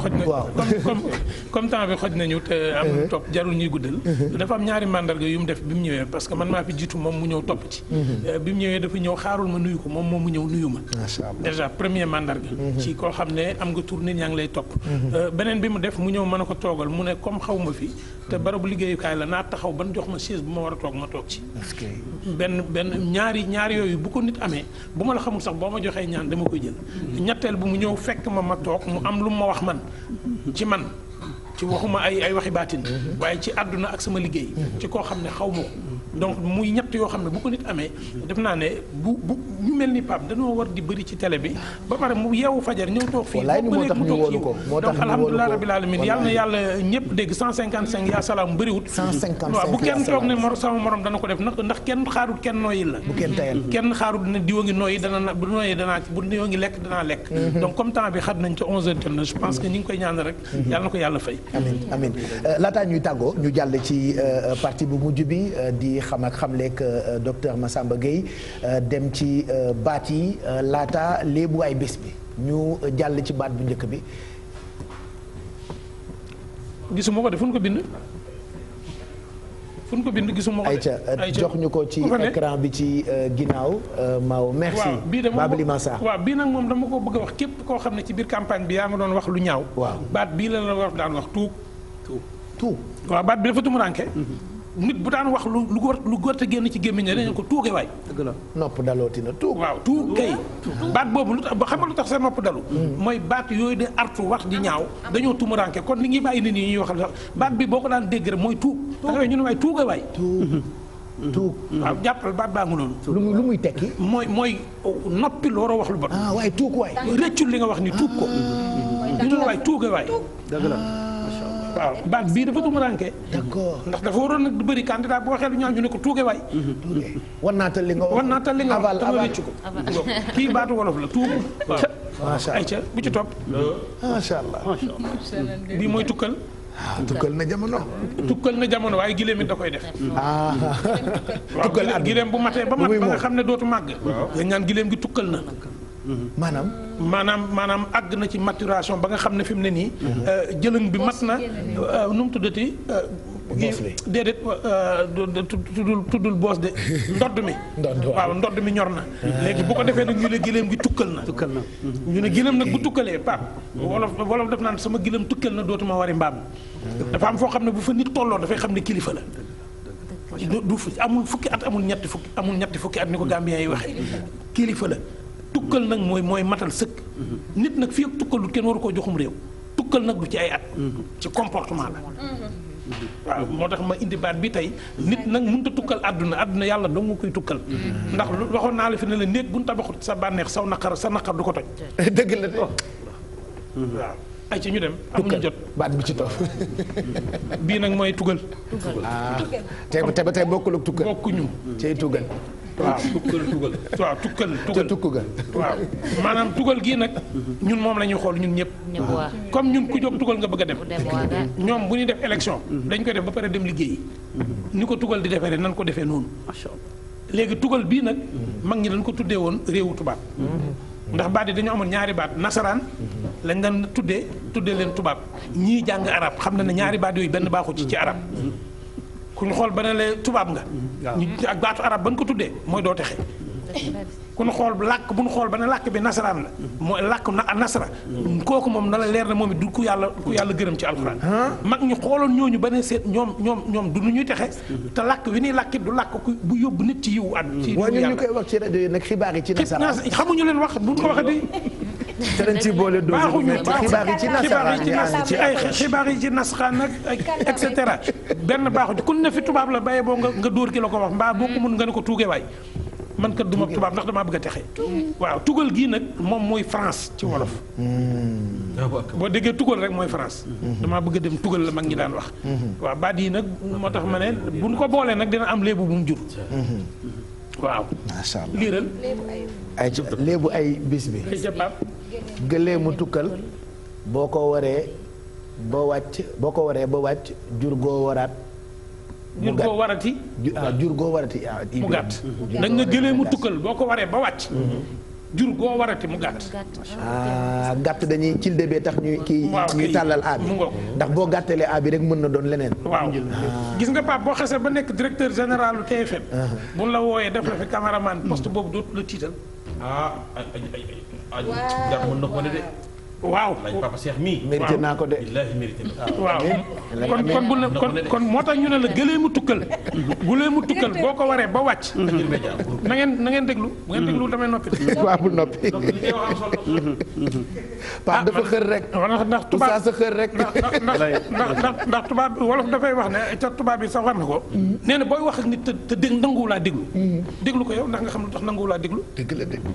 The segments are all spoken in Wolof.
waaw comme comme temps bi xoj nañu te amul uh-huh. topp jarul ñuy guddal. Uh-huh. dafa am ñaari mandarga yu mu def bi mu ñëwee parce que man maa fi jiitu moom mu ñëw topp ci. Uh-huh. Uh, bi mu ñëwee dafa ñëw xaarul ma nuyu ko moom moom mu ñëw nuyu ma. déjà premier mandarga. ci koo xam ne am nga tour nit ñaa ngi lay topp. Uh, beneen bi mu def mu ñëw mën a ko toogal mu ne comme xaw ma fi. te barabu liggéeyukaay la naa taxaw ban jox ma chaise bu ma war a toog ma toog ci. benn benn ñaari ñaari yooyu bu ko nit amee bu ma la xamul sax boo ma joxee ñaan dama ko jël. ñetteel bu mu ñëw fekk ma ma toog mu am lu mu ma wax man ci man ci waxuma ay ay waxi baatin waaye ci àdduna ak sama liggéey. ci koo xam ne xaw ma donc muy ñett yoo xam ne bu ko nit amee. def naa ne bu bu ñu mel ni Pape dañoo war di bëri ci télé bi ba pare mu yeewu fajar ñëw toog fii. wallaay ni moo tax ñu wóolu ko moo tax ñu wóolu ko donc alhamdulilah rabil alamin yal na yàlla ñëpp dégg 155 yaa salaam bëriwut. 155 bu kenn toog ne sama morom dana ko def ndax kenn xaarut kenn nooyi la. bu kenn tayal kenn xaarut ne diwa ngi nooyi dana na bu nooyi danaa bu diwa ngi lekk danaa lekk. Mhm. donc comme temps bi xat xam ak xamleeg euh, docteur Massamba Gueye euh, dem ci euh, baat yi laata léebu ay bés bi ñu jàll ci baat bu njëkk bi. gisuma ko de fu ñu ko bind. fu ñu ko bind gisuma ko de ayca jox ñu ko ci écran bi ci ginnaaw Mao. merci Babli Massa waaw bii nag moom dama ko bëgg a wax képp koo xam ne ci biir campagne bi yaa nga doon wax lu ñaaw. baat bii la la war daan wax tuug. tuug tuug baat bi dafa tumuranke mhm. nit bu daan wax lu lu gor lu gorte génn ci gémmiñ ne dañu ko tuuge waay. dëgg la nopp dalooti na tuug. waaw tuug kay baat boobu lu tax ba xam nga lu tax sa nopp dalu. Hmm. mooy baat yooyu di artu wax di ñaaw dañoo tumuranke kon li ngi bàyyi nit ñi ñuy wax sax baat bi boo ko daan dégg rek mooy tuug. tuug ñu ne waay waay. Hmm. tuug waaw jàppal baat baa ngi noonu. lu lu muy tekki. mooy mooy noppi lu war a ah, waaye tuug waay. rëccul li nga wax ni tuug ko. mooy dàq la ñu ne waay tuuge waay. waaw baat bii dafa tumuraanke d'accord ndax dafa waroon nag du bëri candidat boo xelu ñaaw ñu ne ko tuuge waay wan naa tal li nga wan naa li nga wax tama wécc ko kii baatu wolof la tuug macha allah ayca bu ci topp macha allah bii mooy tukkal ah, tukkal na jamono. tukkal na jamono waaye gileem it da koy def. Ah. tukkal at gileem bu matee ba mat ba nga xam ne dootu màgg. waaw ñaan gileem gi tukkal na. maanaam maanaam àgg na ci maturation ba nga xam ne fi mu ne nii. Mhm. Euh, jëlëng bi mat na euh, nu mu tuddati. Euh, boos bi déedéet tuddul tuddul boos de ndodd mi. waaw ndodd mi ñor na. Ah. léegi bu ko defee nag ñu ne gileem tukkal na. tukkal na mhm. ñu ne gileem nag bu tukkalee Pape. Mhm. wolof wolof def naan sama gileem tukkal na dootuma wari mbaam. Ah. dafa am foo xam ne bu fa nit tolloo dafay xam ne kilifa la. du amul fukki at amul ñetti fukki amul ñetti fukki at ni ko Gambien yi waxee kilifa la. tukkal nag mooy mooy matal sëkk. nit nag fii ak tukkalul kenn waru koo joxum réew. tukkal nag bu ci ay at. ci comportement la. waaw moo tax ma indi baat bi tey nit nag mënut a tukkal àdduna àdduna yàlla dong nga tukkal. ndax waxoon naa la ne la néeg bu ñu tabaxut sa bànneex saw naqar sa naqar du ko toj. dëgg la de. Oh. waaw ay ci ñu dem. amuñu jot baat bi ci toog. bii nag mooy tugal. tugal ah. te ba te bokkul ak tukkal bokkuñu. cay tugal. waaw tukkal tukkal. waaw tukkal tukkal tukku ga waaw maanaam tukkal gii nag. ñun moom la ñuy xool ñun ñëpp. comme ñun ku jóg tukkal nga bëgg a dem. ñoom bu ñuy def élection. Mhm. dañ koy def ba pare dem liggéeyi. Mhm. ni ko tukkal di defee rek nan ko defee noonu. léegi tukkal bii nag. Mhm. mag ñi dañ ko tuddee woon réewu tubaab. ndax baat yi dañoo amoon ñaari baat nasaraan. lañ daan tuddee tuddee leen tubaab ñii jàng arab xam na ne ñaari baat yooyu benn baaxu ci ci arab ku ñu xool ba ne la tubaab nga. ak baatu araab ba nga ko tuddee mooy doo texe. ku ñu xool làkk bu ñu xool ba ne làkk bi nasaraan la. mooy làkk na nasara. kooku moom na la leer na moom it du ku yàlla yàlla gërëm ci alxuraan. mag ñu xooloon ñooñu ba ne seet ñoom ñoom ñoom du nu ñuy texe. te làkk wi nuy làkk du làkk ku bu yóbbu nit ci yiwu at. ci yàlla waaye ñu koy wax ci rajo yi nag xibaar yi ci nasaraan xamuñu leen wax bu ñu ko waxee te dañ boole doomu bu métti xibaar yi ci nasaraan yi ay xibaar yi ci nasaraan nag et cetera benn baaxu kun ne fi tubaab la bàyyi boo nga nga dóor ki la ko wax mbaa boo ko mun nga ne ko tuuge waay man kat du ma tubaab ndax damaa bëgg a texe. waaw tugal gii nag moom mooy France ci wolof. Mm. boo déggee tugal rek mooy France. Mm-hmm. damaa bëgg a dem tugal la mag ñi daan wax. Mm-hmm. waaw baat yi nag moo tax ma ne bu ñu ko boolee nag dina am léebu bu mu jur. Mm-hmm. waaw. macha allah léebu ay bis bi. gëleemu tukkal boo ko waree ba wàcc boo ko waree ba wàcc jur goo waraat. mu jur goo warati. ah jur goo warati ah, mu gàtt dañ nga gëleemu tukkal boo ko waree ba wàcc. Mm-hmm. jur goo warati mu gàtt. ah gàtt dañuy cil de bee tax ñuy kii ñuy tàllal aabi ndax boo gàttalee aabi rek mën na doon leneen. waaw ah. gis nga Pape boo xasee ba nekk directeur général lu TFM. Ah. bu la wooyee def la fi caméraman poste boobu dootu la tiital. ah ay waaw mën na ko wane de. waaw laaj papa Cheikh mii. naa ko de. billaahi mérité na waaw kon kon bu kon kon moo tax ñu ne la gëleemu tukkal. gëleemu tukkal boo ko waree ba wàcc. na ngeen na ngeen déglu. bu ngeen déglu damay noppi. waaw bu noppi. pa dafa ah, xër rek. ndax tubaab sa xër rek. ndax ndax ndax tubaab wolof dafay wax ne ca tubaab bi sax wax na ko. Mm-hmm. nee na booy wax ak nit te te dégg laa déglu. Mm-hmm. déglu ko yow ndax nga xam lu tax nanguwulaa déglu. dëgg la déglu.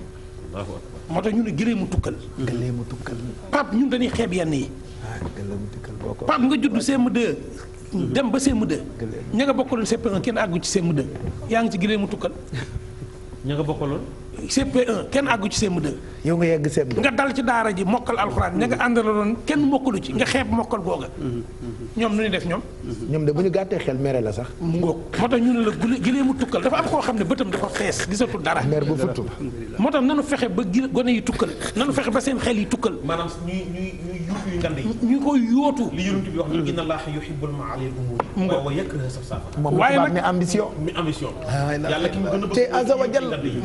moo tax ñu ne gëlee mu tukkal. gëlee mu tukkal. Pape ñun dañuy xeeb yenn yi. Ah, gëlee mu tukkal boo ko. Pape nga judd CM2. dem ba CM2. ña nga bokkaloon CP1 kenn àggul ci CM2. yaa ngi ci gëlee mu tukkal. ña nga bokkaloon. CP1 kenn àggu ci CM2. yow nga yegg CM2 nga dal ci daara ji mokkal alxuraan ña nga àndaloon kenn mokkalu ci nga xeeb mokkal googa. ñoom nu ñu def ñoom. ñoom de bu ñu gàttee xel mere la sax. mu ngoog moo tax ñu ne la gilee mu tukkal dafa am koo xam ne bëtam dafa fees gisatul dara. mer bu futtu moo ba gi gone yi tukkal nanu ba seen xel yi tukkal. maanaam ñuy ñuy ñuy yuutu yu ndand yi. ñu koy yootu. li yonent bi wax ne inna Allaha yuhibbul ma'alil umuur. waaw waaye yëkk na sax sax.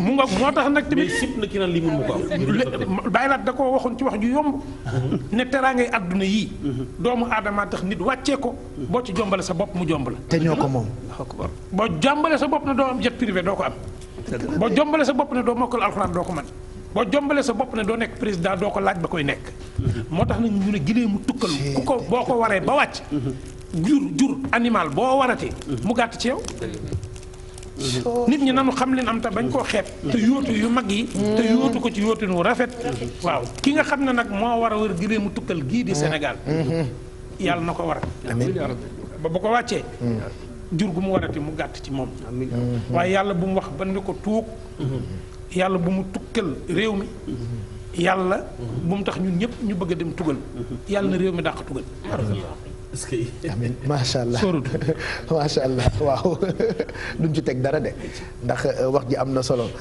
mu gën a bëgg tax nag tamit sib na ki naan lii mun mu ko am bàyyi da ko waxoon ci wax ju yomb mhm. ne teraangay àdduna yii mhm. doomu aadama tax nit wàccee ko boo ci jombale sa bopp mu jomb la te ñoo ko moom boo jombale sa bopp ne doo am jet privé doo ko am boo jombale sa bopp ne doo mokkal alxuraan doo ko man boo jombalee sa bopp ne doo nekk président doo ko laaj ba koy nekk mhm. moo tax nañ ñu ne ginee mu tukkal ku ko boo ko waree ba wàcc jur jur animal boo waratee mu gàtt ci yow nit ñi nanu xam leen am te bañ koo xeeb te yóotu yu mag yi te yóotu ko ci yóotin wu rafet waaw ki nga xam ne nag moo war a wër gi mu tukkal gii di Sénégal yàlla na ko war ba bu ko wàccee jur gu mu warati mu gàtt ci moom waaye yàlla bu mu wax ban ni ko tuug yàlla bu mu tukkal réew mi yàlla bu mu tax ñun ñëpp ñu bëgg a dem tugal yàlla na réew mi dàq tugal est-ce que amiin macha allah macha allah waaw duñ ci teg dara de ndax euh, wax ji am na solo.